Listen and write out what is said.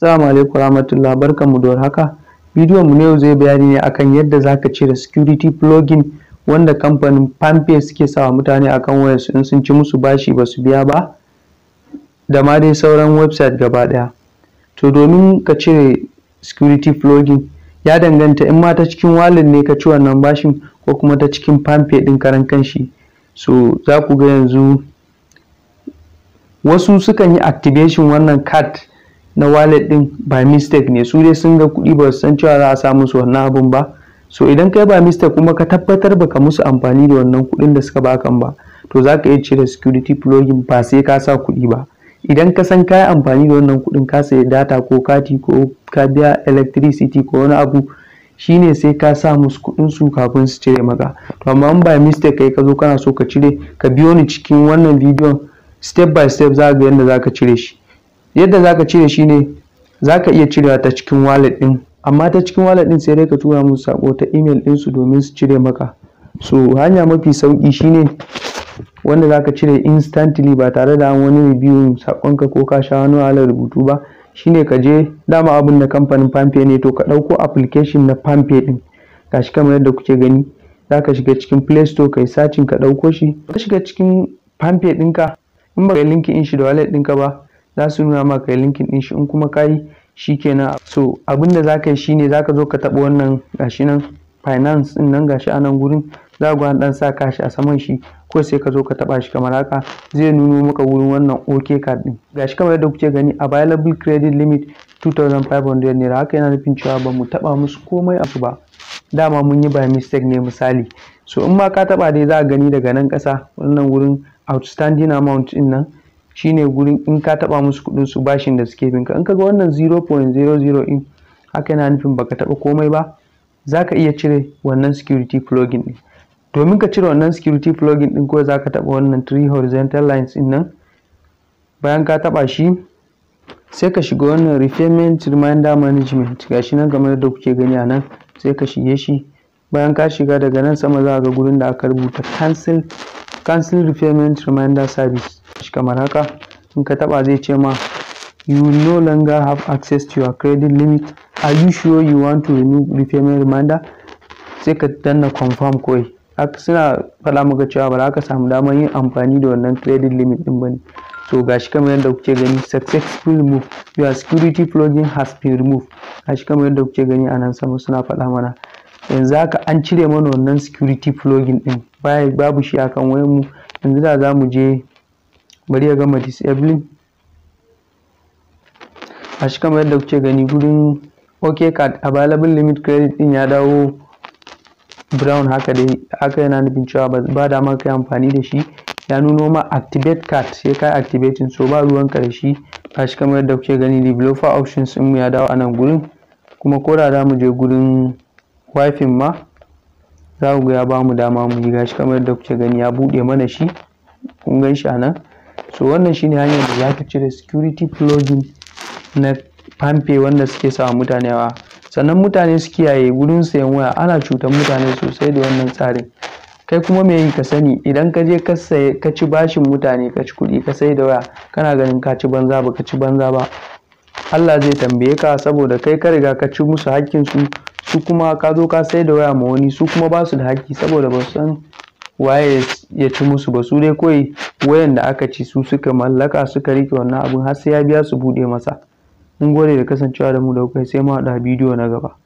Assalamu alaikum warahmatullahi barkanmu da warhaka. Bidiyon mu na yau zai bayani ne akan yadda zaka cire security plugin wanda kamfanin Pampay suke sawa mutane akan wayar su in sun ci musu bashi ba su biya ba da ma dai sauran website gaba daya. To domin ka cire security plugin ya danganta in ma ta cikin wallet ne ka ci wannan bashin ko kuma ta cikin Pampay din karan kanshi. So za ku ga yanzu wasu sukan yi activation wannan card na wallet din ba mistake ne su dai sun ga kuɗi ba san cewa za a sa musu wannan abun ba so idan kai ba mistake kuma ka tabbatar baka musu amfani da wannan kuɗin da suka baka ba to za ka iya cire security plugin ba sai ka sa kuɗi ba idan ka san kayi amfani da wannan kuɗin ka sayi data ko kati ko ka biya electricity ko wani abu shine sai ka sa musu kuɗin su kafin su cire maka to amma in ba mistake kai ka zo kana so ka cire ka biyo ni cikin wannan bidiyon step by step za ga yadda za ka cire shi yadda za ka cire shi ne za ka iya cirewa ta cikin walet ɗin amma ta cikin walet ɗin sai dai ka tura musu sako ta email ɗinsu domin su cire maka so hanya mafi sauƙi shi ne wanda za ka cire instantly ba tare da wani review sakonka ko ka sha wani wahalar rubutu ba Shi ne ka je dama abin da kamfanin pampe ne to ka ɗauko application na pampe ɗin gashi kamar yadda kuke gani za ka shiga cikin play store kai sacin ka ɗauko shi ka shiga cikin pampe ɗinka in ba ka yi linkin shi da wallet ɗinka ba za su nuna maka kai linkin ɗin shi in kuma ka yi shi kenan so abin da za ka yi shine za ka zo ka taɓa wannan gashi nan finance din nan gashi a nan gurin za ku dan sa kashi a saman shi ko sai ka zo ka taɓa shi kamar haka zai nuno maka wurin wannan OK card din gashi kamar yadda kuke gani available credit limit 2500 naira haka yana nufin cewa ba mu taɓa musu komai abu ba dama mun yi by mistake ne misali so in ma ka taɓa dai za a gani daga nan ƙasa wannan wurin outstanding amount din nan shine gurin in ka taba musu kudin su bashin da suke binka in kaga wannan 0.00 in haka yana nufin baka taba komai ba zaka iya cire wannan security plugin din domin ka cire wannan security plugin din ko zaka taba wannan three horizontal lines din nan bayan ka taba shi sai ka shiga wannan repayment reminder management gashi nan kamar da kuke gani a nan sai ka shige shi bayan ka shiga daga nan sama za ga gurin da aka rubuta cancel cancel repayment reminder service shi kamar haka in ka taba zai ce ma you no longer have access to your credit limit are you sure you want to renew repayment reminder sai ka danna confirm kawai suna faɗa maka cewa ba za ka samu damar yin amfani da wannan credit limit din ne? so gashi kamar yadda kuke gani successful move your security plugin has been removed gashi kamar yadda kuke gani a nan sama suna faɗa mana yanzu haka an cire mana wannan security plugin din babu shi akan wayan mu yanzu da za mu je bari ya gama disabling a shi kamar yadda kuke gani gurin ok card available limit credit din ya dawo brown haka dai haka yana nufin cewa ba da kai amfani da shi ya nuno ma activate card sai kai activating so ba ruwan karshe a shi kamar yadda kuke gani developer options din ya dawo a nan gurin kuma ko da za mu je gurin wifin ma za ku ga ya ba mu dama mu yi gashi kamar yadda kuke gani ya buɗe mana shi kun gan shi a nan so wannan shine hanyar da za ka cire security plugin na pampe wanda suke sawa mutane wa sannan mutane su kiyaye gurin sayan waya ana cutar mutane sosai da wannan tsarin kai kuma me yi ka sani idan ka je ka saye ka ci bashin mutane ka ci kuɗi ka sai da waya kana ganin ka ci banza ba ka ci banza ba Allah zai tambaye ka saboda kai ka riga ka ci musu hakkin su su kuma ka zo ka sai da waya ma wani su kuma basu da hakki saboda ba su san waye ya ci musu ba su dai koyi wayan da aka ci su suka mallaka suka rike wannan abun har sai ya biya su bude masa mun gode da kasancewa da mu da kai sai mu haɗa bidiyo na gaba